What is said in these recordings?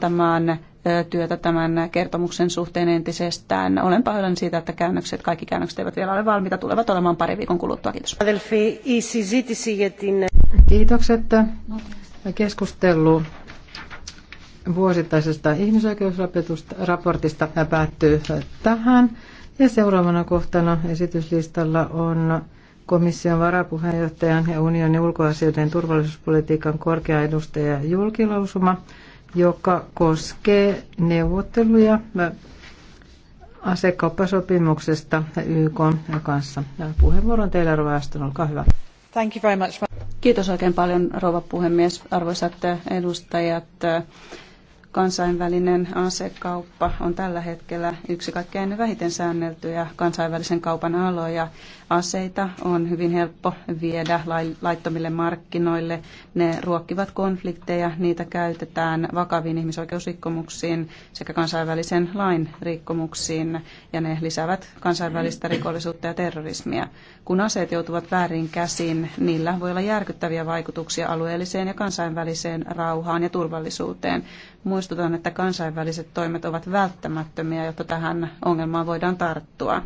parantamaan työtä tämän kertomuksen suhteen entisestään. Olen pahoillani siitä, että käännökset, kaikki käännökset eivät vielä ole valmiita, tulevat olemaan pari viikon kuluttua. Kiitos. Kiitokset. Keskustelu vuosittaisesta ihmisoikeusraportista päättyy tähän. Ja seuraavana kohtana esityslistalla on komission varapuheenjohtajan ja unionin ulkoasioiden turvallisuuspolitiikan korkea edustaja julkilausuma joka koskee neuvotteluja asekauppasopimuksesta YK kanssa. Puheenvuoron teillä, Rova Aston, olkaa hyvä. Thank you very much. Kiitos oikein paljon, rouva puhemies, arvoisat edustajat. Kansainvälinen asekauppa on tällä hetkellä yksi kaikkein vähiten säänneltyjä kansainvälisen kaupan aloja. Aseita on hyvin helppo viedä laittomille markkinoille. Ne ruokkivat konflikteja, niitä käytetään vakaviin ihmisoikeusrikkomuksiin sekä kansainvälisen lain rikkomuksiin ja ne lisäävät kansainvälistä rikollisuutta ja terrorismia. Kun aseet joutuvat väärin käsiin, niillä voi olla järkyttäviä vaikutuksia alueelliseen ja kansainväliseen rauhaan ja turvallisuuteen. Muistutan, että kansainväliset toimet ovat välttämättömiä, jotta tähän ongelmaan voidaan tarttua.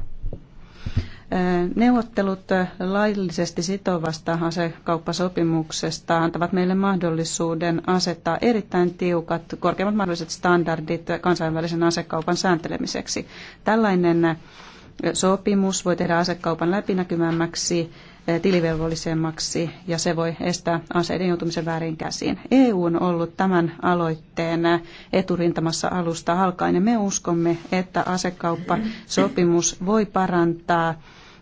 Neuvottelut laillisesti sitovasta asekauppasopimuksesta antavat meille mahdollisuuden asettaa erittäin tiukat, korkeimmat mahdolliset standardit kansainvälisen asekaupan sääntelemiseksi. Tällainen sopimus voi tehdä asekaupan läpinäkyvämmäksi tilivelvollisemmaksi ja se voi estää aseiden joutumisen väärin käsiin. EU on ollut tämän aloitteen eturintamassa alusta alkaen ja me uskomme, että asekauppasopimus voi parantaa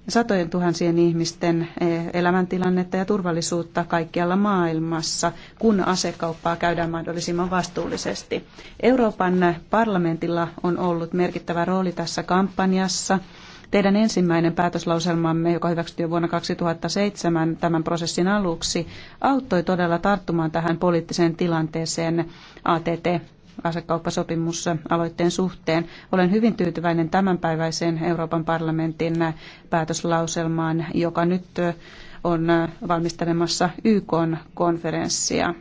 satojen tuhansien ihmisten eh, elämäntilannetta ja turvallisuutta kaikkialla maailmassa, kun asekauppaa käydään mahdollisimman vastuullisesti. Euroopan parlamentilla on ollut merkittävä rooli tässä kampanjassa. Teidän ensimmäinen päätöslauselmamme, joka hyväksyttiin jo vuonna 2007 tämän prosessin aluksi, auttoi todella tarttumaan tähän poliittiseen tilanteeseen ATT asekauppasopimus aloitteen suhteen. Olen hyvin tyytyväinen tämänpäiväiseen Euroopan parlamentin päätöslauselmaan, joka nyt on valmistelemassa YK-konferenssia,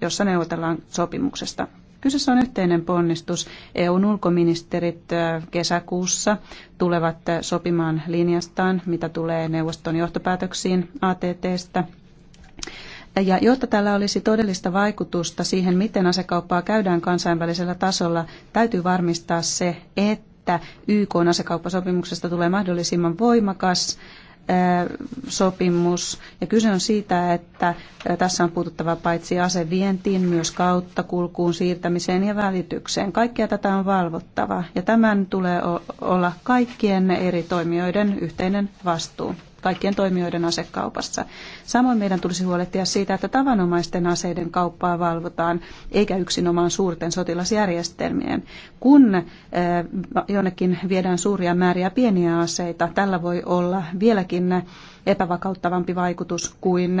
jossa neuvotellaan sopimuksesta. Kyseessä on yhteinen ponnistus. EUn ulkoministerit kesäkuussa tulevat sopimaan linjastaan, mitä tulee neuvoston johtopäätöksiin ATTstä ja jotta tällä olisi todellista vaikutusta siihen, miten asekauppaa käydään kansainvälisellä tasolla, täytyy varmistaa se, että YK asekauppasopimuksesta tulee mahdollisimman voimakas sopimus. Ja kyse on siitä, että tässä on puututtava paitsi asevientiin, myös kautta, kulkuun, siirtämiseen ja välitykseen. Kaikkea tätä on valvottava ja tämän tulee olla kaikkien eri toimijoiden yhteinen vastuu kaikkien toimijoiden asekaupassa. Samoin meidän tulisi huolehtia siitä, että tavanomaisten aseiden kauppaa valvotaan, eikä yksinomaan suurten sotilasjärjestelmien. Kun eh, jonnekin viedään suuria määriä pieniä aseita, tällä voi olla vieläkin epävakauttavampi vaikutus kuin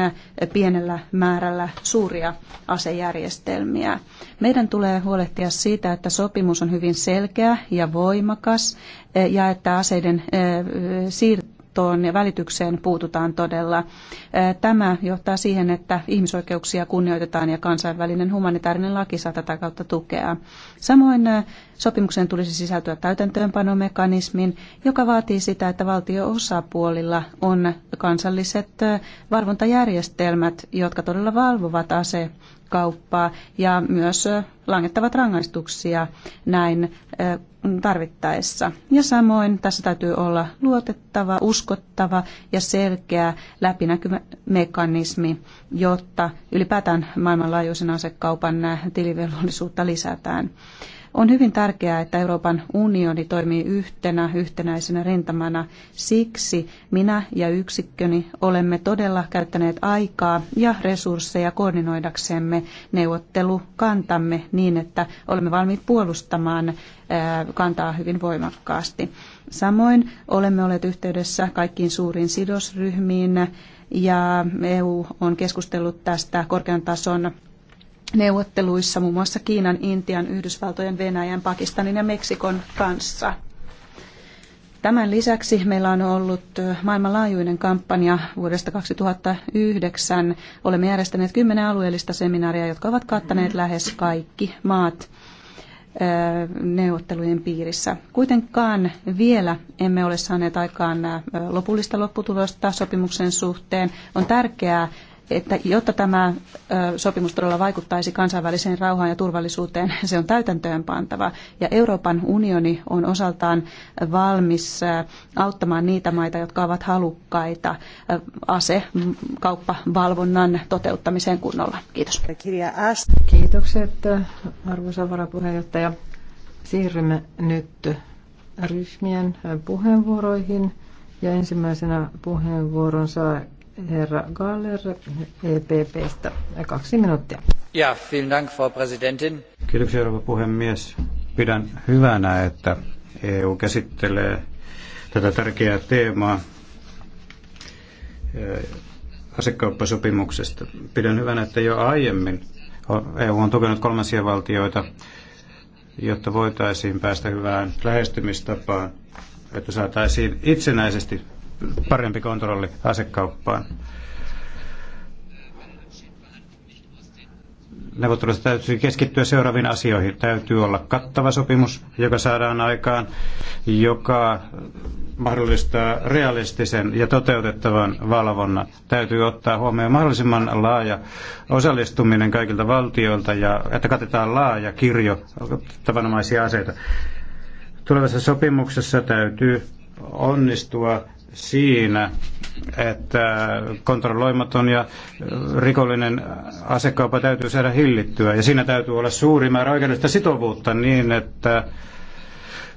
pienellä määrällä suuria asejärjestelmiä. Meidän tulee huolehtia siitä, että sopimus on hyvin selkeä ja voimakas eh, ja että aseiden eh, siirtyminen tietoon ja välitykseen puututaan todella. Tämä johtaa siihen, että ihmisoikeuksia kunnioitetaan ja kansainvälinen humanitaarinen laki saa tätä kautta tukea. Samoin sopimuksen tulisi sisältyä täytäntöönpanomekanismin, joka vaatii sitä, että valtio-osapuolilla on kansalliset valvontajärjestelmät, jotka todella valvovat ase kauppaa ja myös langettavat rangaistuksia näin tarvittaessa. Ja samoin tässä täytyy olla luotettava, uskottava ja selkeä läpinäkyvä mekanismi, jotta ylipäätään maailmanlaajuisen asekaupan tilivelvollisuutta lisätään. On hyvin tärkeää, että Euroopan unioni toimii yhtenä yhtenäisenä rintamana. Siksi minä ja yksikköni olemme todella käyttäneet aikaa ja resursseja koordinoidaksemme neuvottelukantamme niin, että olemme valmiit puolustamaan kantaa hyvin voimakkaasti. Samoin olemme olleet yhteydessä kaikkiin suuriin sidosryhmiin ja EU on keskustellut tästä korkean tason neuvotteluissa muun muassa Kiinan, Intian, Yhdysvaltojen, Venäjän, Pakistanin ja Meksikon kanssa. Tämän lisäksi meillä on ollut maailmanlaajuinen kampanja vuodesta 2009. Olemme järjestäneet kymmenen alueellista seminaaria, jotka ovat kattaneet mm-hmm. lähes kaikki maat neuvottelujen piirissä. Kuitenkaan vielä emme ole saaneet aikaan lopullista lopputulosta sopimuksen suhteen. On tärkeää, että jotta tämä sopimus todella vaikuttaisi kansainväliseen rauhaan ja turvallisuuteen, se on täytäntöönpantava. Ja Euroopan unioni on osaltaan valmis auttamaan niitä maita, jotka ovat halukkaita asekauppavalvonnan toteuttamiseen kunnolla. Kiitos. Kiitokset, arvoisa varapuheenjohtaja. Siirrymme nyt ryhmien puheenvuoroihin. Ja ensimmäisenä puheenvuoron saa herra Galler EPPstä. Kaksi minuuttia. Ja, vielen dank, Frau Präsidentin. Kiitoksia, rouva puhemies. Pidän hyvänä, että EU käsittelee tätä tärkeää teemaa e, asekauppasopimuksesta. Pidän hyvänä, että jo aiemmin EU on tukenut kolmansia valtioita, jotta voitaisiin päästä hyvään lähestymistapaan, että saataisiin itsenäisesti parempi kontrolli asekauppaan. Neuvottelussa täytyy keskittyä seuraaviin asioihin. Täytyy olla kattava sopimus, joka saadaan aikaan, joka mahdollistaa realistisen ja toteutettavan valvonnan. Täytyy ottaa huomioon mahdollisimman laaja osallistuminen kaikilta valtioilta ja että katetaan laaja kirjo tavanomaisia aseita. Tulevassa sopimuksessa täytyy onnistua siinä, että kontrolloimaton ja rikollinen asekauppa täytyy saada hillittyä. Ja siinä täytyy olla suuri määrä oikeudellista sitovuutta niin, että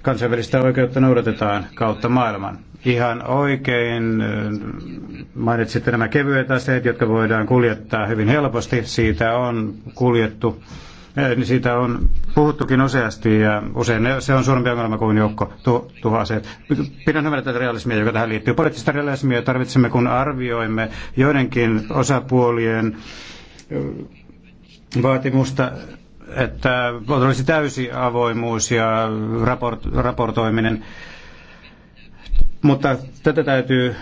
kansainvälistä oikeutta noudatetaan kautta maailman. Ihan oikein äh, mainitsitte nämä kevyet aseet, jotka voidaan kuljettaa hyvin helposti. Siitä on kuljettu Eh, niin siitä on puhuttukin useasti ja usein se on suurempi ongelma kuin joukko tuhaseet. Pidän hyvänä tätä realismia, joka tähän liittyy. Poliittista realismia tarvitsemme, kun arvioimme joidenkin osapuolien eh, vaatimusta että olisi täysi avoimuus ja raport, raportoiminen. Mutta tätä täytyy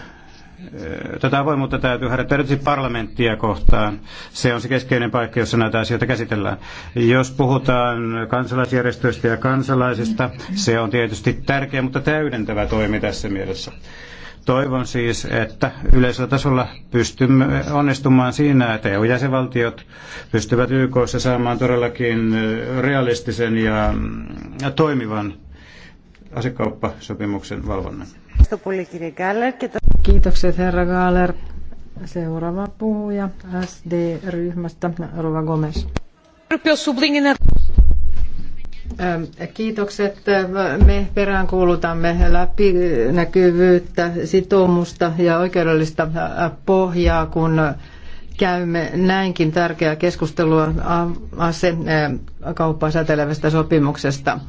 Eh, tätä avoimuutta täytyy harjoittaa erityisesti parlamenttia kohtaan. Se on se keskeinen paikka, jossa näitä asioita käsitellään. Jos puhutaan kansalaisjärjestöistä ja kansalaisista, se on tietysti tärkeä, mutta täydentävä toimi tässä mielessä. Toivon siis, että yleisellä tasolla pystymme onnistumaan siinä, että EU-jäsenvaltiot pystyvät YKssa saamaan todellakin realistisen ja mm, toimivan asekauppasopimuksen valvonnan. Kiitokset herra Gaaler. Seuraava puhuja SD-ryhmästä, Rova Gomes. Kiitokset. Me peräänkuulutamme läpinäkyvyyttä, sitoumusta ja oikeudellista pohjaa, kun käymme näinkin tärkeää keskustelua asekauppaa säätelevästä sopimuksesta.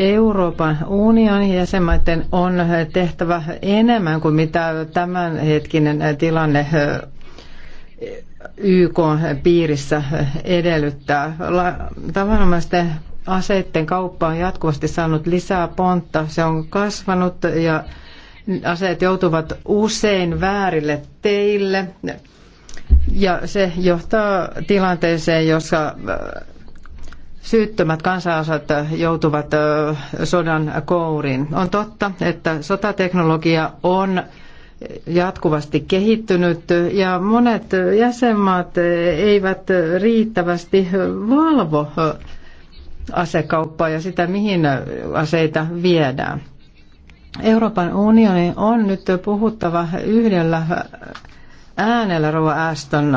Euroopan unionin jäsenmaiden on tehtävä enemmän kuin mitä tämänhetkinen tilanne YK piirissä edellyttää. Tavanomaisten aseiden kauppa on jatkuvasti saanut lisää pontta. Se on kasvanut ja aseet joutuvat usein väärille teille. Ja se johtaa tilanteeseen, jossa syyttömät kansanosat joutuvat sodan kouriin. On totta, että sotateknologia on jatkuvasti kehittynyt ja monet jäsenmaat eivät riittävästi valvo asekauppaa ja sitä, mihin aseita viedään. Euroopan unioni on nyt puhuttava yhdellä äänellä Rova Aston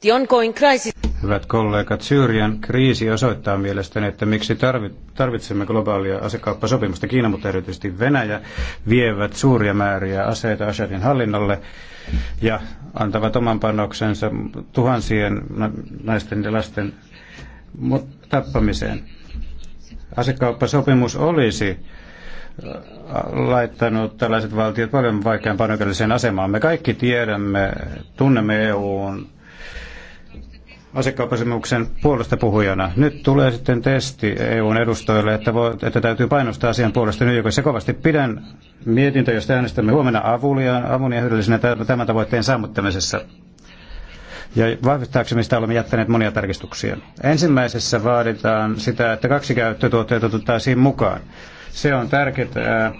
The ongoing crisis... Hyvät kollegat, Syyrian kriisi osoittaa mielestäni, että miksi tarvitsemme globaalia asekauppasopimusta. Kiina, mutta erityisesti Venäjä, vievät suuria määriä aseita Assadin hallinnolle ja antavat oman panoksensa tuhansien naisten ja lasten tappamiseen. Asekauppasopimus olisi äh, laittanut tällaiset valtiot paljon vaikeampaan oikeudelliseen asemaan. Me kaikki tiedämme, tunnemme EUn asekauppasemuksen puolesta puhujana. Nyt tulee sitten testi EUn edustajille, että, voi, että täytyy painostaa asian puolesta joka se Kovasti pidän mietintö, josta äänestämme huomenna avuliaan, avun ja hyödyllisenä tämän tavoitteen saavuttamisessa. Ja vahvistaaksemme sitä olemme jättäneet monia tarkistuksia. Ensimmäisessä vaaditaan sitä, että kaksi käyttötuotteita otettaisiin mukaan. Se on tärkeää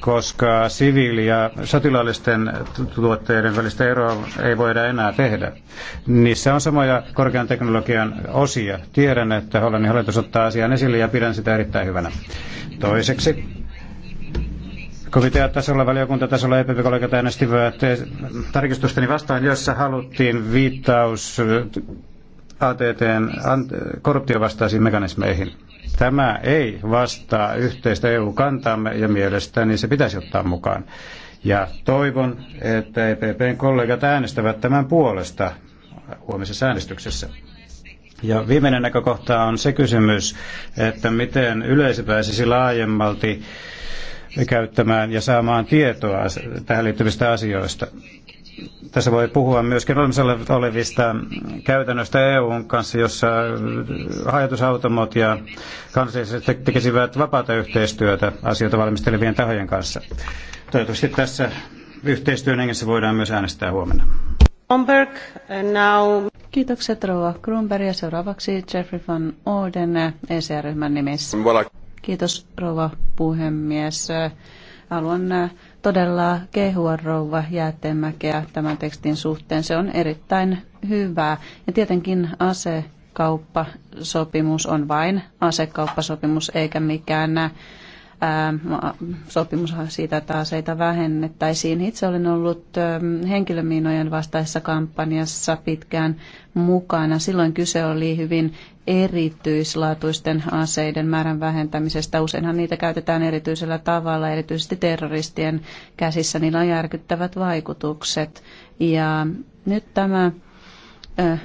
koska siviili- ja sotilaallisten tuotteiden välistä eroa ei voida enää tehdä. Niissä on samoja korkean teknologian osia. Tiedän, että Hollannin hallitus ottaa asian esille ja pidän sitä erittäin hyvänä. Toiseksi komiteatasolla, valiokuntatasolla EPP-kollegat äänestivät tarkistusteni vastaan, jossa haluttiin viittaus ATTn korruptiovastaisiin mekanismeihin. Tämä ei vastaa yhteistä EU-kantaamme ja mielestäni se pitäisi ottaa mukaan. Ja toivon, että EPPn kollegat äänestävät tämän puolesta huomisessa äänestyksessä. Ja viimeinen näkökohta on se kysymys, että miten yleisö pääsisi laajemmalti käyttämään ja saamaan tietoa tähän liittyvistä asioista tässä voi puhua myöskin olemassa olevista käytännöistä EUn kanssa, jossa hajotusautomot ja kansalliset tekisivät vapaata yhteistyötä asioita valmistelevien tahojen kanssa. Toivottavasti tässä yhteistyön hengessä voidaan myös äänestää huomenna. Kronberg, now... Kiitokset Rova Kronberg ja seuraavaksi Jeffrey van Orden ECR-ryhmän nimissä. Kiitos Rova puhemies. Haluan todella kehua rouva jäätteenmäkeä tämän tekstin suhteen. Se on erittäin hyvää. Ja tietenkin asekauppasopimus on vain asekauppasopimus eikä mikään sopimus siitä, että aseita vähennettäisiin. Itse olen ollut henkilömiinojen vastaisessa kampanjassa pitkään mukana. Silloin kyse oli hyvin erityislaatuisten aseiden määrän vähentämisestä. Useinhan niitä käytetään erityisellä tavalla, erityisesti terroristien käsissä. Niillä on järkyttävät vaikutukset. Ja nyt tämä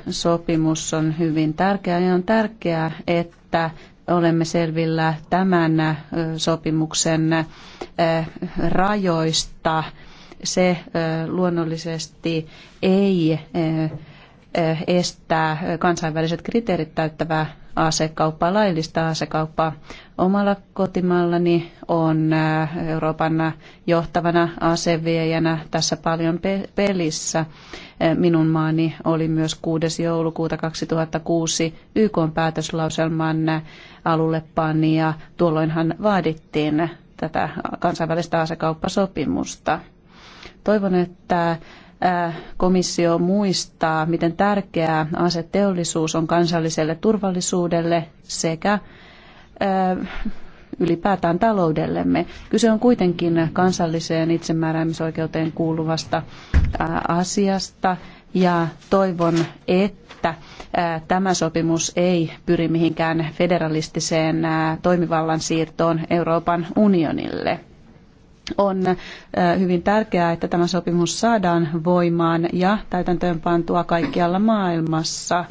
sopimus on hyvin tärkeä ja on tärkeää, että olemme selvillä tämän sopimuksen rajoista. Se luonnollisesti ei estää kansainväliset kriteerit täyttävää asekauppaa, laillista asekauppaa. Omalla kotimallani on äh, Euroopan johtavana aseviejänä tässä paljon pelissä. Äh, minun maani oli myös 6. joulukuuta 2006 YK päätöslauselman äh, alulle ja tuolloinhan vaadittiin tätä kansainvälistä asekauppasopimusta. Toivon, että Äh, komissio muistaa, miten tärkeää aseteollisuus on kansalliselle turvallisuudelle sekä äh, ylipäätään taloudellemme. Kyse on kuitenkin kansalliseen itsemääräämisoikeuteen kuuluvasta äh, asiasta ja toivon, että tämä sopimus ei pyri mihinkään federalistiseen toimivallan siirtoon Euroopan unionille on hyvin tärkeää, että tämä sopimus saadaan voimaan ja täytäntöönpantua kaikkialla maailmassa.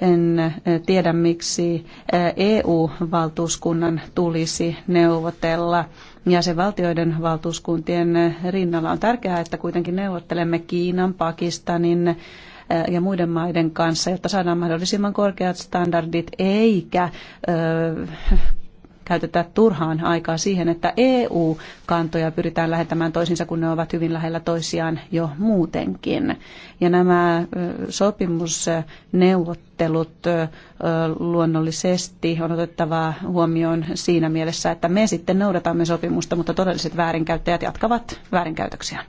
En tiedä, miksi EU-valtuuskunnan tulisi neuvotella jäsenvaltioiden valtuuskuntien rinnalla. On tärkeää, että kuitenkin neuvottelemme Kiinan, Pakistanin, ja muiden maiden kanssa, jotta saadaan mahdollisimman korkeat standardit, eikä käytetä turhaan aikaa siihen, että EU-kantoja pyritään lähettämään toisinsa, kun ne ovat hyvin lähellä toisiaan jo muutenkin. Ja nämä sopimusneuvottelut luonnollisesti on otettava huomioon siinä mielessä, että me sitten noudatamme sopimusta, mutta todelliset väärinkäyttäjät jatkavat väärinkäytöksiä.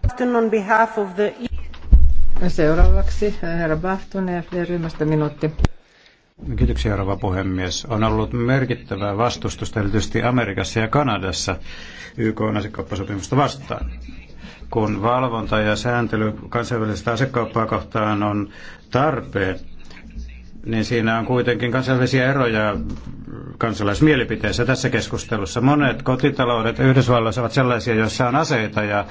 E Seuraavaksi herra ryhmästä minuutti. Kiitoksia, rouva puhemies. On ollut merkittävää vastustusta erityisesti Amerikassa ja Kanadassa YK on asekauppasopimusta vastaan. Kun valvonta ja sääntely kansainvälistä asekauppaa kohtaan on tarpeen, niin siinä on kuitenkin kansainvälisiä eroja kansalaismielipiteessä tässä keskustelussa. Monet kotitaloudet Yhdysvalloissa ovat sellaisia, joissa on aseita ja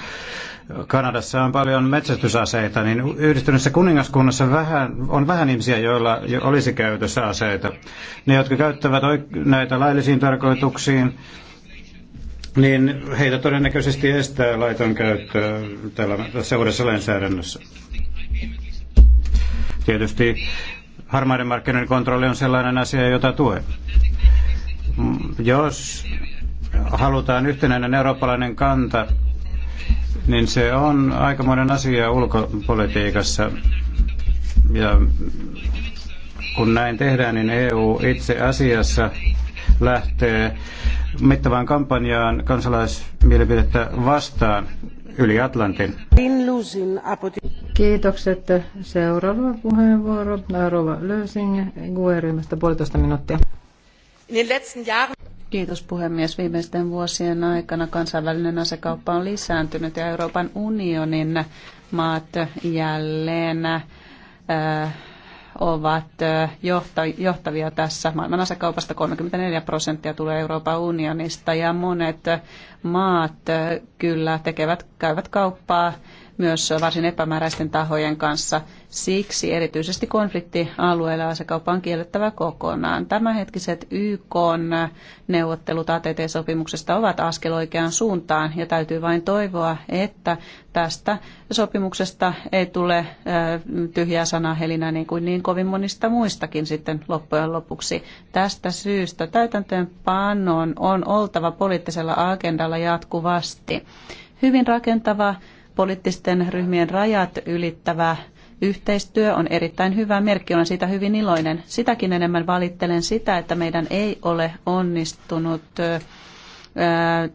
Kanadassa on paljon metsästysaseita, niin yhdistyneessä kuningaskunnassa vähän, on vähän ihmisiä, joilla jo olisi käytössä aseita. Ne, jotka käyttävät näitä laillisiin tarkoituksiin, niin heitä todennäköisesti estää laiton käyttö tällä, tässä uudessa lainsäädännössä. Tietysti harmaiden markkinoiden kontrolli on sellainen asia, jota tue. Jos halutaan yhtenäinen eurooppalainen kanta, niin se on aikamoinen asia ulkopolitiikassa. Ja kun näin tehdään, niin EU itse asiassa lähtee mittavaan kampanjaan kansalaismielipidettä vastaan yli Atlantin. Kiitokset. Seuraava puheenvuoro Rova Lösing GUE-ryhmästä puolitoista minuuttia. Kiitos puhemies. Viimeisten vuosien aikana kansainvälinen asekauppa on lisääntynyt ja Euroopan unionin maat jälleen äh, ovat äh, johtavia tässä. Maailman asekaupasta 34 prosenttia tulee Euroopan unionista ja monet maat äh, kyllä tekevät, käyvät kauppaa myös varsin epämääräisten tahojen kanssa. Siksi erityisesti konfliktialueilla asekauppa on kiellettävä kokonaan. Tämänhetkiset YK-neuvottelut ATT-sopimuksesta ovat askel oikeaan suuntaan ja täytyy vain toivoa, että tästä sopimuksesta ei tule tyhjää sanahelinä niin kuin niin kovin monista muistakin sitten loppujen lopuksi. Tästä syystä täytäntöönpanon on oltava poliittisella agendalla jatkuvasti. Hyvin rakentava poliittisten ryhmien rajat ylittävä yhteistyö on erittäin hyvä merkki, olen siitä hyvin iloinen. Sitäkin enemmän valittelen sitä, että meidän ei ole onnistunut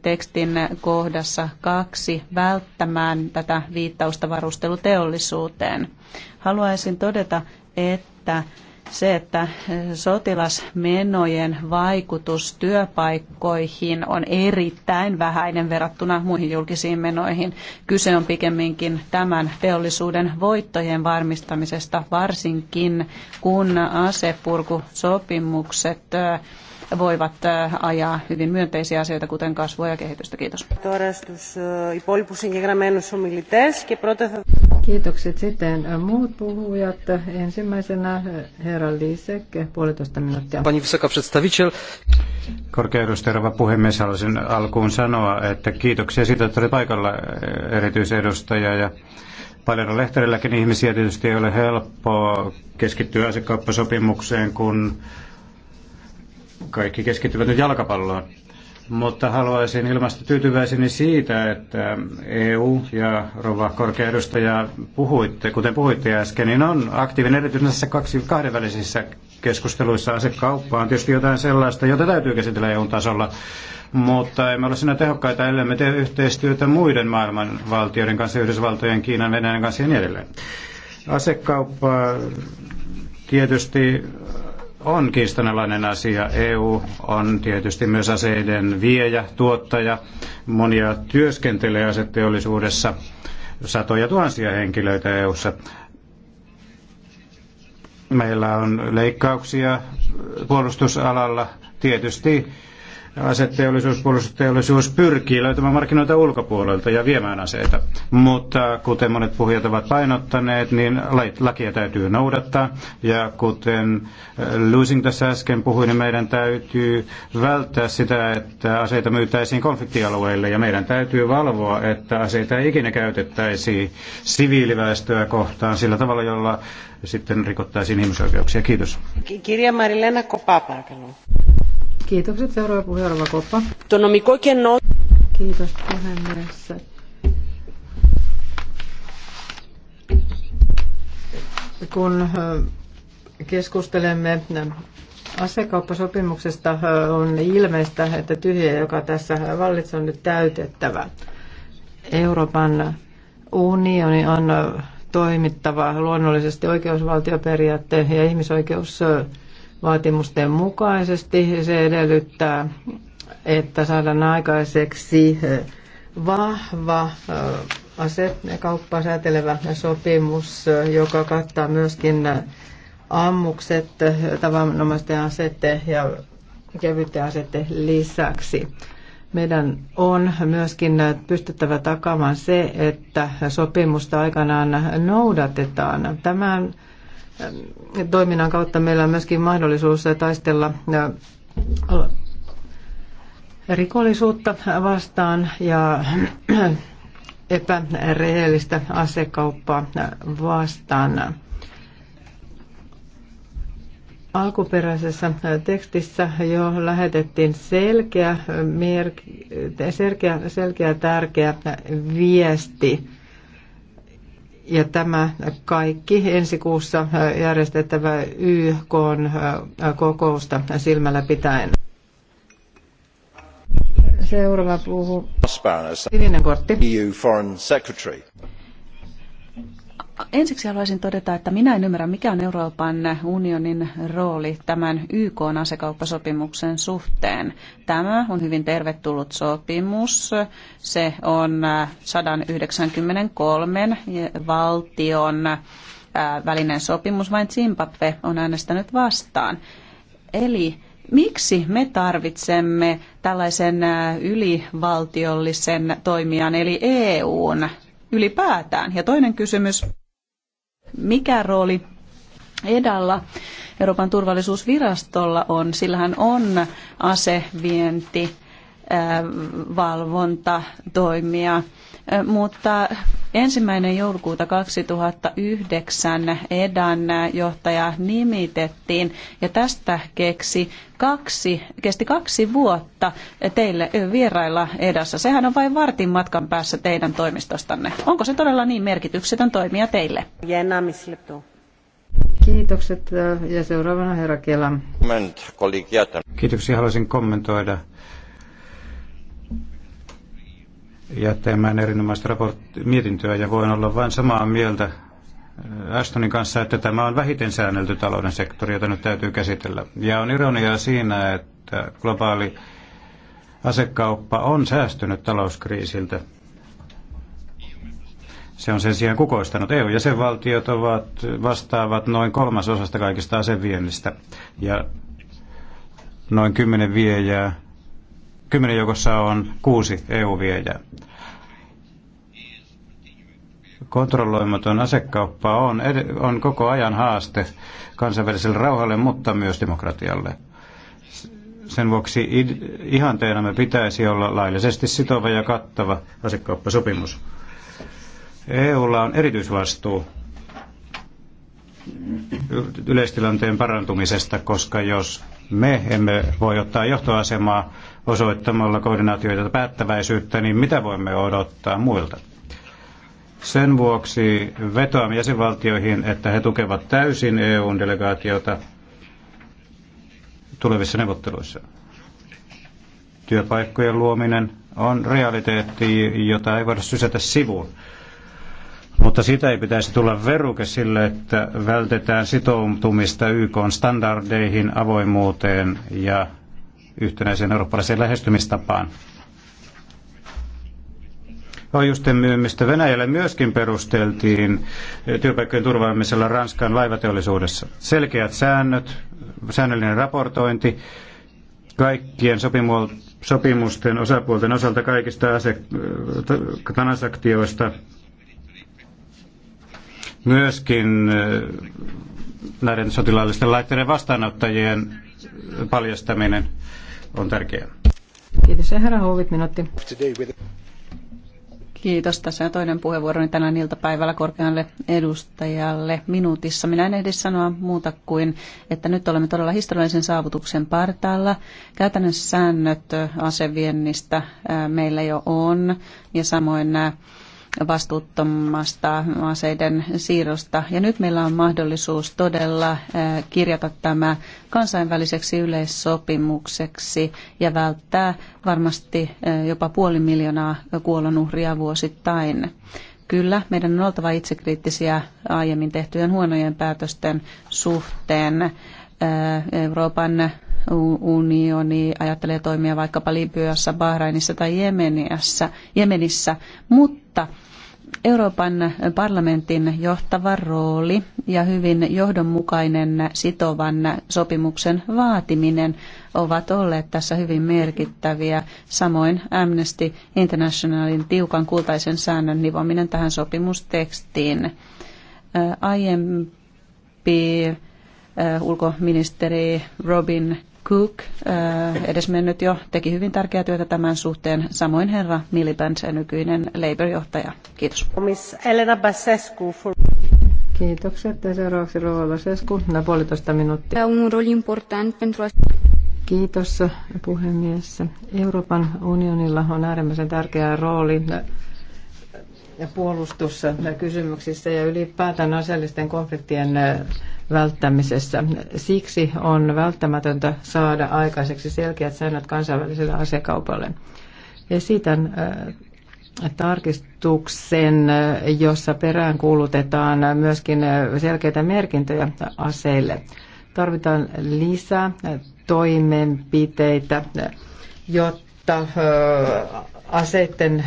tekstin kohdassa kaksi välttämään tätä viittausta varusteluteollisuuteen. Haluaisin todeta, että se, että eh, sotilasmenojen vaikutus työpaikkoihin on erittäin vähäinen verrattuna muihin julkisiin menoihin. Kyse on pikemminkin tämän teollisuuden voittojen varmistamisesta, varsinkin kun asepurkusopimukset sopimukset eh, voivat ajaa hyvin myönteisiä asioita, kuten kasvua ja kehitystä. Kiitos. Kiitokset sitten muut puhujat. Ensimmäisenä herra Lisek, puolitoista minuuttia. Pani Visaka przedstawiciel. Korkeudusterva puhemies, haluaisin alkuun sanoa, että kiitoksia siitä, että oli paikalla erityisedustaja ja paljon on lehterelläkin ihmisiä. Tietysti ei ole helppoa keskittyä asekauppasopimukseen, kun kaikki keskittyvät nyt jalkapalloon. Mutta haluaisin ilmaista tyytyväiseni siitä, että EU ja rouva korkea edustaja puhuitte, kuten puhuitte äsken, niin on aktiivinen erityisesti näissä kaksi, kahdenvälisissä keskusteluissa asekauppa on tietysti jotain sellaista, jota täytyy käsitellä EU-tasolla, mutta emme ole siinä tehokkaita, ellei me tee yhteistyötä muiden maailman valtioiden kanssa, Yhdysvaltojen, Kiinan, Venäjän kanssa ja niin edelleen. Asekauppa tietysti on kiistanalainen asia. EU on tietysti myös aseiden viejä, tuottaja. Monia työskentelee aseteollisuudessa, satoja tuhansia henkilöitä EUssa. Meillä on leikkauksia puolustusalalla. Tietysti aseteollisuus, puolustusteollisuus pyrkii löytämään markkinoita ulkopuolelta ja viemään aseita. Mutta kuten monet puhujat ovat painottaneet, niin lakia täytyy noudattaa. Ja kuten äh, Losing tässä äsken puhui, niin meidän täytyy välttää sitä, että aseita myytäisiin konfliktialueille. Ja meidän täytyy valvoa, että aseita ei ikinä käytettäisi siviiliväestöä kohtaan sillä tavalla, jolla sitten rikottaisiin ihmisoikeuksia. Kiitos. Kirja Marilena Kopaa, Kiitokset. Seuraava puheenjohtaja Koppa. Kiitos puhemies. Kun keskustelemme asekauppasopimuksesta, on ilmeistä, että tyhjä, joka tässä vallitsee, on nyt täytettävä. Euroopan unioni on toimittava luonnollisesti oikeusvaltioperiaatteen ja ihmisoikeus vaatimusten mukaisesti. Se edellyttää, että saadaan aikaiseksi eh, vahva eh, kauppaa säätelevä sopimus, eh, joka kattaa myöskin ammukset, tavanomaisten asette ja kevyiden asette lisäksi. Meidän on myöskin pystyttävä takaamaan se, että sopimusta aikanaan noudatetaan. Tämän toiminnan kautta meillä on myöskin mahdollisuus taistella rikollisuutta vastaan ja epärehellistä asekauppaa vastaan. Alkuperäisessä tekstissä jo lähetettiin selkeä, selkeä, selkeä tärkeä viesti ja tämä kaikki ensi kuussa järjestettävä YK kokousta silmällä pitäen. Seuraava puhuu. Sininen kortti. EU Foreign Secretary. Ensiksi haluaisin todeta, että minä en ymmärrä, mikä on Euroopan unionin rooli tämän YK asekauppasopimuksen suhteen. Tämä on hyvin tervetullut sopimus. Se on 193 äh, valtion äh, välinen sopimus, vain Zimbabwe on äänestänyt vastaan. Eli miksi me tarvitsemme tällaisen äh, ylivaltiollisen toimijan, eli EUn ylipäätään? Ja toinen kysymys mikä rooli EDAlla, Euroopan turvallisuusvirastolla on, sillähän on asevienti, valvontatoimia mutta ensimmäinen joulukuuta 2009 EDAN johtaja nimitettiin ja tästä keksi kaksi, kesti kaksi vuotta teille vierailla EDAssa. Sehän on vain vartin matkan päässä teidän toimistostanne. Onko se todella niin merkityksetön toimija teille? Kiitokset ja seuraavana herra Kela. Kiitoksia. Haluaisin kommentoida ja erinomaista raportti- mietintöä ja voin olla vain samaa mieltä äh, Astonin kanssa, että tämä on vähiten säännelty talouden sektori, jota nyt täytyy käsitellä. Ja on ironiaa siinä, että globaali asekauppa on säästynyt talouskriisiltä. Se on sen sijaan kukoistanut. EU-jäsenvaltiot ovat, vastaavat noin kolmasosasta kaikista aseviennistä ja noin kymmenen viejää kymmenen joukossa on kuusi EU-viejää. Kontrolloimaton asekauppa on, on koko ajan haaste kansainväliselle rauhalle, mutta myös demokratialle. Sen vuoksi ihanteena me pitäisi olla laillisesti sitova ja kattava asekauppasopimus. EUlla on erityisvastuu yleistilanteen parantumisesta, koska jos me emme voi ottaa johtoasemaa osoittamalla koordinaatioita päättäväisyyttä, niin mitä voimme odottaa muilta? Sen vuoksi vetoamme jäsenvaltioihin, että he tukevat täysin eu delegaatiota tulevissa neuvotteluissa. Työpaikkojen luominen on realiteetti, jota ei voida sysätä sivuun. Mutta siitä ei pitäisi tulla veruke sille, että vältetään sitoutumista YK standardeihin, avoimuuteen ja yhtenäiseen eurooppalaiseen lähestymistapaan. Ohjusten myymistä Venäjälle myöskin perusteltiin työpaikkojen turvaamisella Ranskan laivateollisuudessa. Selkeät säännöt, säännöllinen raportointi, kaikkien sopimusten osapuolten osalta kaikista ase- transaktioista, myöskin äh, näiden sotilaallisten laitteiden vastaanottajien paljastaminen on tärkeää. Kiitos ja herra Houvit, minuutti. Kiitos. Tässä on toinen puheenvuoroni tänään iltapäivällä korkealle edustajalle minuutissa. Minä en ehdi sanoa muuta kuin, että nyt olemme todella historiallisen saavutuksen partaalla. Käytännössä säännöt aseviennistä meillä jo on ja samoin nämä vastuuttomasta aseiden siirrosta. Ja nyt meillä on mahdollisuus todella äh, kirjata tämä kansainväliseksi yleissopimukseksi ja välttää varmasti äh, jopa puoli miljoonaa kuolonuhria vuosittain. Kyllä, meidän on oltava itsekriittisiä aiemmin tehtyjen huonojen päätösten suhteen. Äh, Euroopan unioni ajattelee toimia vaikkapa Libyassa, Bahrainissa tai Jemenissä, Jemenissä, mutta Euroopan parlamentin johtava rooli ja hyvin johdonmukainen sitovan sopimuksen vaatiminen ovat olleet tässä hyvin merkittäviä. Samoin Amnesty Internationalin tiukan kultaisen säännön nivominen tähän sopimustekstiin. Aiempi ulkoministeri Robin Cook, äh, edesmennyt jo, teki hyvin tärkeää työtä tämän suhteen, samoin herra Miliband, nykyinen Labour-johtaja. Kiitos. Miss Elena Basescu for... Kiitokset. Ja seuraavaksi Rova Basescu, puolitoista minuuttia. Un rol important pentru Kiitos puhemies. Euroopan unionilla on äärimmäisen tärkeä rooli kysymyksissä ja ylipäätään aseellisten konfliktien välttämisessä. Siksi on välttämätöntä saada aikaiseksi selkeät säännöt kansainväliselle asekaupalle. Esitän äh, tarkistuksen, jossa perään kuulutetaan myöskin selkeitä merkintöjä aseille. Tarvitaan lisää toimenpiteitä, jotta äh, aseiden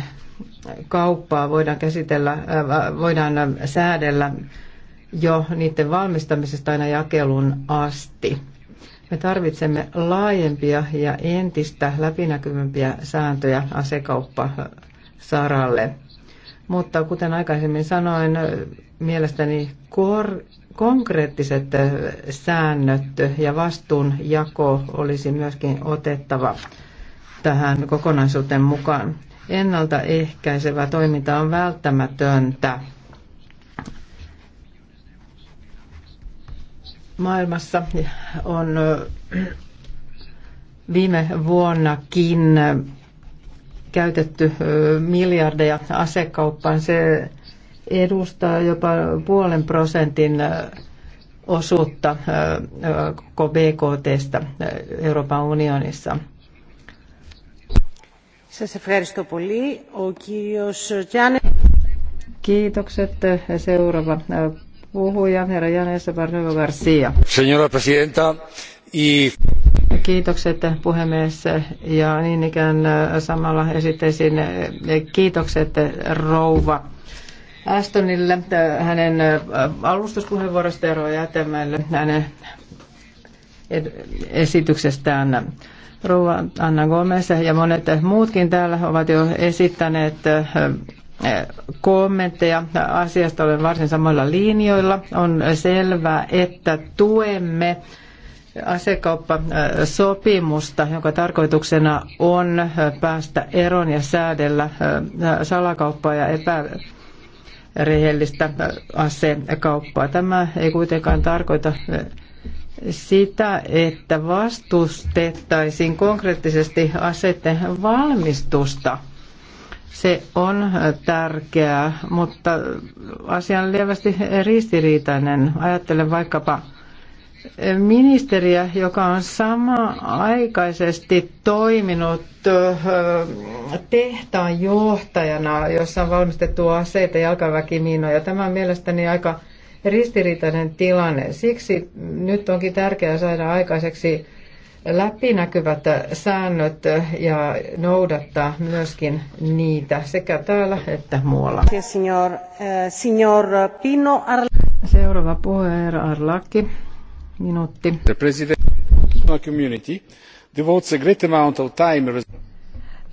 kauppaa voidaan käsitellä, äh, voidaan säädellä jo niiden valmistamisesta aina jakelun asti. Me tarvitsemme laajempia ja entistä läpinäkyvämpiä sääntöjä asekauppasaralle. Mutta kuten aikaisemmin sanoin, mielestäni kor- konkreettiset säännöt ja vastuunjako olisi myöskin otettava tähän kokonaisuuteen mukaan. Ennaltaehkäisevä toiminta on välttämätöntä maailmassa on äh, viime vuonnakin äh, käytetty äh, miljardeja asekauppaan. Se edustaa jopa puolen prosentin osuutta BKTstä Euroopan unionissa. Kiitokset. Seuraava puhuja, herra Janessa Barnuevo Señora presidenta, y... Kiitokset puhemies ja niin ikään äh, samalla esittäisin äh, kiitokset äh, rouva Astonille hänen alustuspuheenvuorosta ja Roa Jätemäelle hänen esityksestään. Rouva Anna Gomez ja monet muutkin täällä ovat jo esittäneet kommentteja asiasta. Olen varsin samoilla linjoilla. On selvää, että tuemme asekauppasopimusta, jonka tarkoituksena on päästä eroon ja säädellä äh, salakauppaa ja epärehellistä äh, asekauppaa. Tämä ei kuitenkaan tarkoita äh, sitä, että vastustettaisiin konkreettisesti aseiden valmistusta – se on tärkeää, mutta asia on lievästi ristiriitainen. Ajattelen vaikkapa ministeriä, joka on sama-aikaisesti toiminut tehtaan johtajana, jossa on valmistettu aseita, jalkaväkimiinoja. Tämä on mielestäni aika ristiriitainen tilanne. Siksi nyt onkin tärkeää saada aikaiseksi läpinäkyvät säännöt ja noudattaa myöskin niitä sekä täällä että muualla. Signor, eh, signor Pino Seuraava puheenjohtaja Arlaki, minuutti. The president community devotes a great amount of time.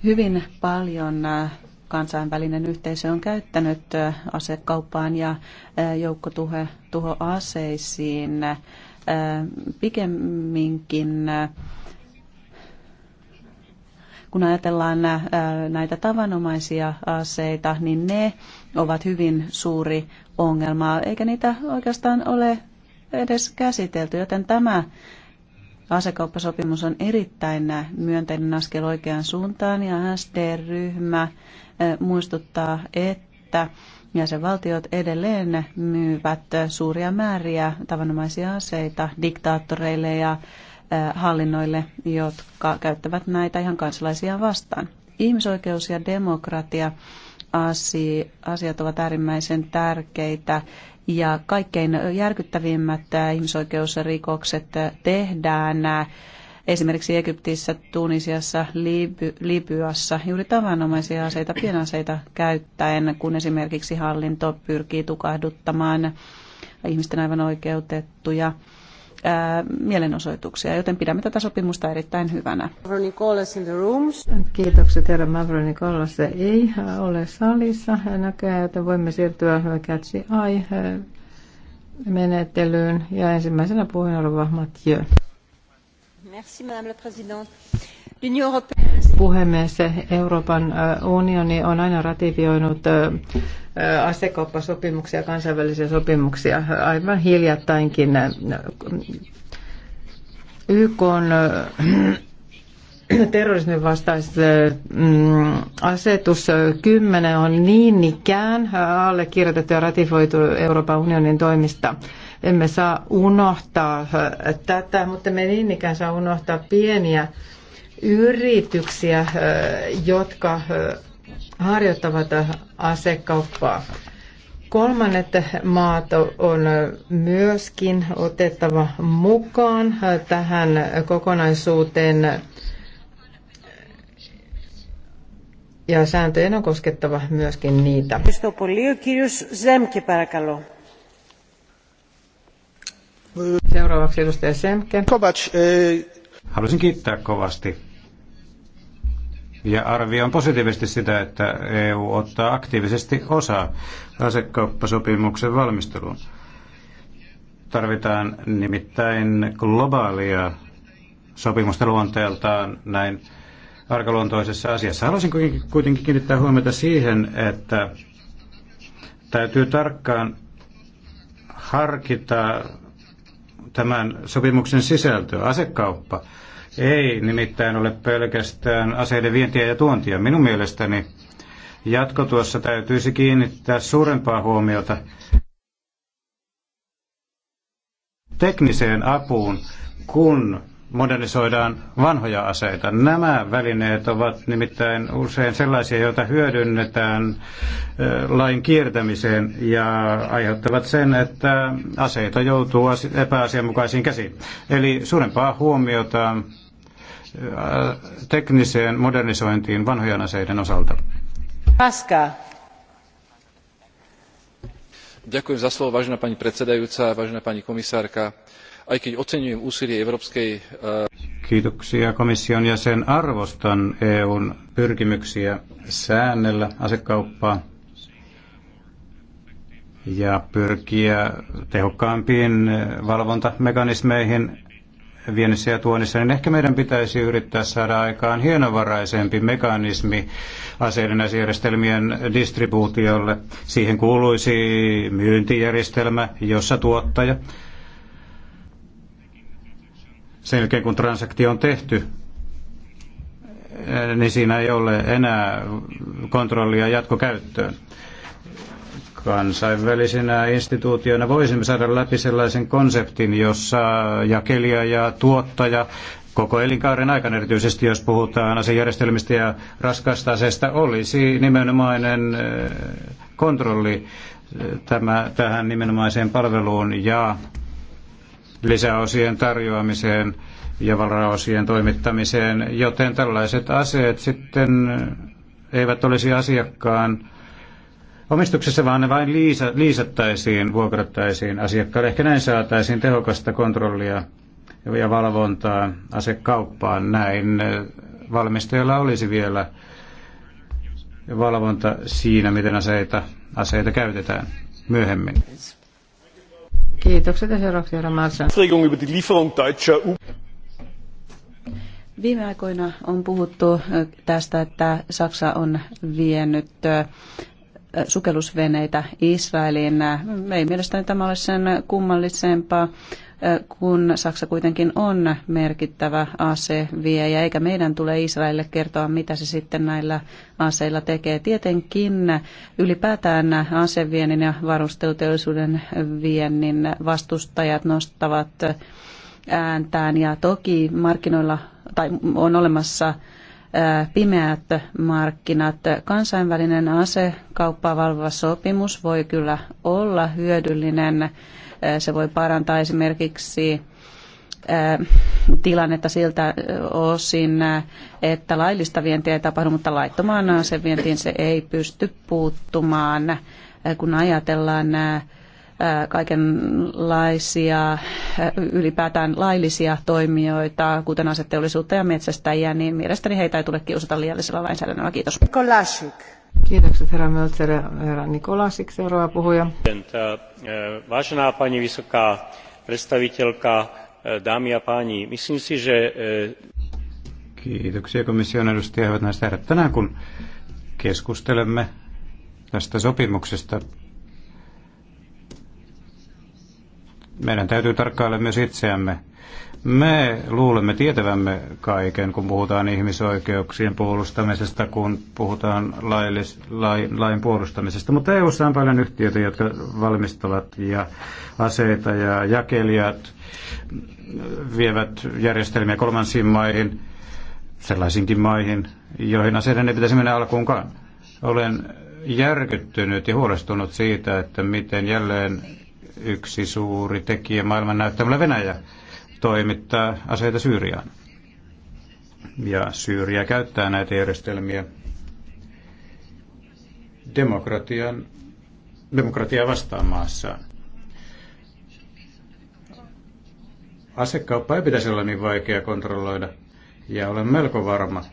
Hyvin paljon eh, kansainvälinen yhteisö on käyttänyt eh, asekauppaan ja joukkotuhoaseisiin tuho, pikemminkin kun ajatellaan näitä tavanomaisia aseita, niin ne ovat hyvin suuri ongelma, eikä niitä oikeastaan ole edes käsitelty, joten tämä asekauppasopimus on erittäin myönteinen askel oikeaan suuntaan ja SD-ryhmä muistuttaa, että jäsenvaltiot edelleen myyvät suuria määriä tavanomaisia aseita diktaattoreille ja hallinnoille, jotka käyttävät näitä ihan kansalaisia vastaan. Ihmisoikeus ja demokratia asiat ovat äärimmäisen tärkeitä ja kaikkein järkyttävimmät ihmisoikeusrikokset tehdään esimerkiksi Egyptissä, Tunisiassa, Liby, Libyassa juuri tavanomaisia aseita, pienaseita käyttäen, kun esimerkiksi hallinto pyrkii tukahduttamaan ihmisten aivan oikeutettuja mielenosoituksia, joten pidämme tätä sopimusta erittäin hyvänä. Kiitokset herra Mavronikolas. Ei ole salissa näköjään, että voimme siirtyä catch eye menettelyyn ja ensimmäisenä puheen Mathieu. Puhemies, Euroopan unioni on aina ratifioinut asekauppasopimuksia, kansainvälisiä sopimuksia, aivan hiljattainkin. YK on terrorismin vastaiset mm, asetus 10 on niin ikään allekirjoitettu ja ratifoitu Euroopan unionin toimista. Emme saa unohtaa äh, tätä, mutta me niin ikään saa unohtaa pieniä yrityksiä, äh, jotka äh, harjoittavat asekauppaa. Kolmannet maat on myöskin otettava mukaan tähän kokonaisuuteen ja sääntöjen on koskettava myöskin niitä. Kiitos paljon. Kirjus Zemke, parakalo. Seuraavaksi edustaja Semke. Kovac. E, Haluaisin kiittää kovasti. Ja arvioin positiivisesti sitä, että EU ottaa aktiivisesti osaa asekauppasopimuksen valmisteluun. Tarvitaan nimittäin globaalia sopimusta luonteeltaan näin arkaluontoisessa asiassa. Haluaisin kuitenkin kiinnittää huomiota siihen, että täytyy tarkkaan harkita tämän sopimuksen sisältöä. Asekauppa ei nimittäin ole pelkästään aseiden vientiä ja tuontia. Minun mielestäni jatko tuossa täytyisi kiinnittää suurempaa huomiota tekniseen apuun, kun modernisoidaan vanhoja aseita. Nämä välineet ovat nimittäin usein sellaisia, joita hyödynnetään lain kiertämiseen ja aiheuttavat sen, että aseita joutuu epäasianmukaisiin käsiin. Eli suurempaa huomiota tekniseen modernisointiin vanhojen aseiden osalta. Paskaa. Ďakujem za slovo, vážená pani predsedajúca, vážená pani komisárka aj keď oceňujem úsilie Európskej... Eh, Kiitoksia komission jäsen. Arvostan EUn pyrkimyksiä säännellä asekauppaa ja pyrkiä tehokkaampiin valvontamekanismeihin viennissä ja tuonnissa, niin ehkä meidän pitäisi yrittää saada aikaan hienovaraisempi mekanismi aseiden järjestelmien distribuutiolle. Siihen kuuluisi myyntijärjestelmä, jossa tuottaja sen jälkeen kun transaktio on tehty, niin siinä ei ole enää kontrollia jatkokäyttöön. Kansainvälisenä instituutioina voisimme saada läpi sellaisen konseptin, jossa jakelija ja tuottaja koko elinkaaren aikana, erityisesti jos puhutaan asejärjestelmistä ja raskaasta aseesta, olisi nimenomainen eh, kontrolli eh, tämä, tähän nimenomaiseen palveluun ja lisäosien tarjoamiseen ja varaosien toimittamiseen, joten tällaiset aseet sitten eivät olisi asiakkaan omistuksessa, vaan ne vain liisa, liisattaisiin, vuokrattaisiin asiakkaalle. Ehkä näin saataisiin tehokasta kontrollia ja valvontaa asekauppaan. Näin valmistajalla olisi vielä valvonta siinä, miten aseita, aseita käytetään myöhemmin. Kiitokset ja seuraavaksi herra Marsan. Viime aikoina on puhuttu äh, tästä, että Saksa on vienyt äh, sukellusveneitä Israeliin. Äh, ei mielestäni tämä ole sen kummallisempaa kun Saksa kuitenkin on merkittävä aseviejä, eikä meidän tule Israelille kertoa, mitä se sitten näillä aseilla tekee. Tietenkin ylipäätään aseviennin ja varusteluteollisuuden viennin vastustajat nostavat ääntään ja toki markkinoilla tai on olemassa pimeät markkinat. Kansainvälinen asekauppaa valvova sopimus voi kyllä olla hyödyllinen Äh, se voi parantaa esimerkiksi äh, tilannetta siltä äh, osin, että laillista vientiä ei tapahdu, mutta laittomaan sen vientiin se ei pysty puuttumaan. Kun ajatellaan kaikenlaisia ylipäätään laillisia toimijoita, kuten aseteollisuutta ja metsästäjiä, niin mielestäni heitä ei tule kiusata liiallisella lainsäädännöllä. Kiitos. Kolasik. Kiitokset herra Möltser ja herra Nikolasik, seuraava puhuja. Eh, vážená pani vysoká predstaviteľka, eh, dámy ja páni, myslím si, že... Eh, Kiitoksia komission edustaja, hyvät naiset herrat. Tänään kun keskustelemme tästä sopimuksesta, meidän täytyy tarkkailla myös itseämme – me luulemme tietävämme kaiken, kun puhutaan ihmisoikeuksien puolustamisesta, kun puhutaan laillis, lain, lain puolustamisesta. Mutta eu on paljon yhtiöitä, jotka valmistavat ja aseita ja jakelijat vievät järjestelmiä kolmansiin maihin, sellaisinkin maihin, joihin aseiden ei pitäisi mennä alkuunkaan. Olen järkyttynyt ja huolestunut siitä, että miten jälleen yksi suuri tekijä maailman näyttämällä Venäjä toimittaa aseita Syyriaan. Ja Syyriä käyttää näitä järjestelmiä demokratian, demokratiaa vastaan maassaan. Asekauppa ei pitäisi olla niin vaikea kontrolloida, ja olen melko varma,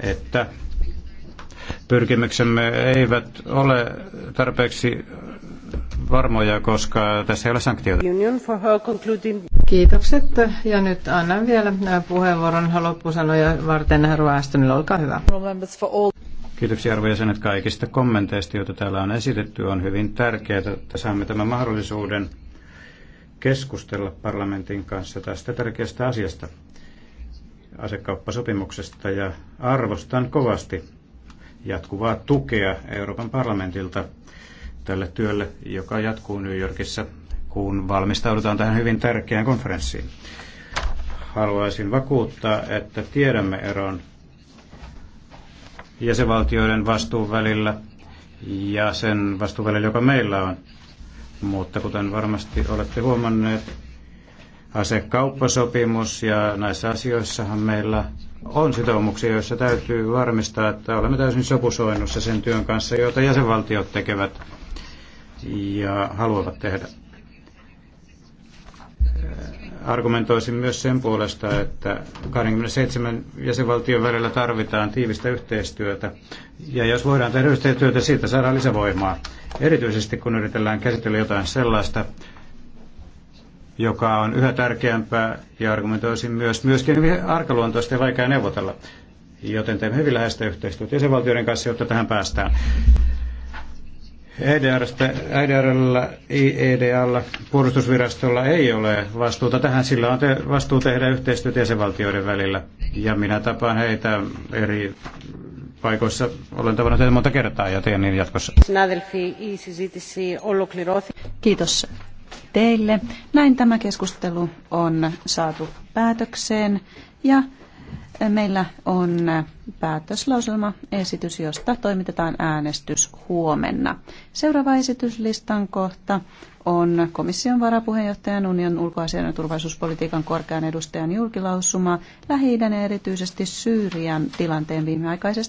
että pyrkimyksemme eivät ole tarpeeksi varmoja, koska tässä ei ole sanktioita. Kiitokset. Ja nyt annan vielä äh, puheenvuoron loppusanoja varten Ruastonille. Olkaa hyvä. Kiitoksia että kaikista kommenteista, joita täällä on esitetty. On hyvin tärkeää, että saamme tämän mahdollisuuden keskustella parlamentin kanssa tästä tärkeästä asiasta, asekauppasopimuksesta, ja arvostan kovasti jatkuvaa tukea Euroopan parlamentilta tälle työlle, joka jatkuu New Yorkissa, kun valmistaudutaan tähän hyvin tärkeään konferenssiin. Haluaisin vakuuttaa, että tiedämme eron jäsenvaltioiden vastuun välillä ja sen vastuun välillä, joka meillä on. Mutta kuten varmasti olette huomanneet, asekauppasopimus ja näissä asioissahan meillä on sitoumuksia, joissa täytyy varmistaa, että olemme täysin sopusoinnussa sen työn kanssa, jota jäsenvaltiot tekevät ja haluavat tehdä. Argumentoisin myös sen puolesta, että 27 jäsenvaltion välillä tarvitaan tiivistä yhteistyötä. Ja jos voidaan tehdä yhteistyötä, siitä saadaan lisävoimaa. Erityisesti kun yritellään käsitellä jotain sellaista, joka on yhä tärkeämpää ja argumentoisin myös myöskin hyvin arkaluontoista ja vaikea neuvotella. Joten teemme hyvin läheistä yhteistyötä jäsenvaltioiden kanssa, jotta tähän päästään. EDRstä, EDRllä, IEDAlla, puolustusvirastolla ei ole vastuuta tähän, sillä on te, vastuu tehdä yhteistyötä jäsenvaltioiden välillä. Ja minä tapaan heitä eri paikoissa. Olen tavannut heitä monta kertaa ja teen niin jatkossa. Kiitos teille. Näin tämä keskustelu on saatu päätökseen ja Meillä on päätöslauselma esitys, josta toimitetaan äänestys huomenna. Seuraava esityslistan kohta on komission varapuheenjohtajan union ulkoasian ja turvallisuuspolitiikan korkean edustajan julkilausuma lähi ja erityisesti Syyrian tilanteen viimeaikaisesta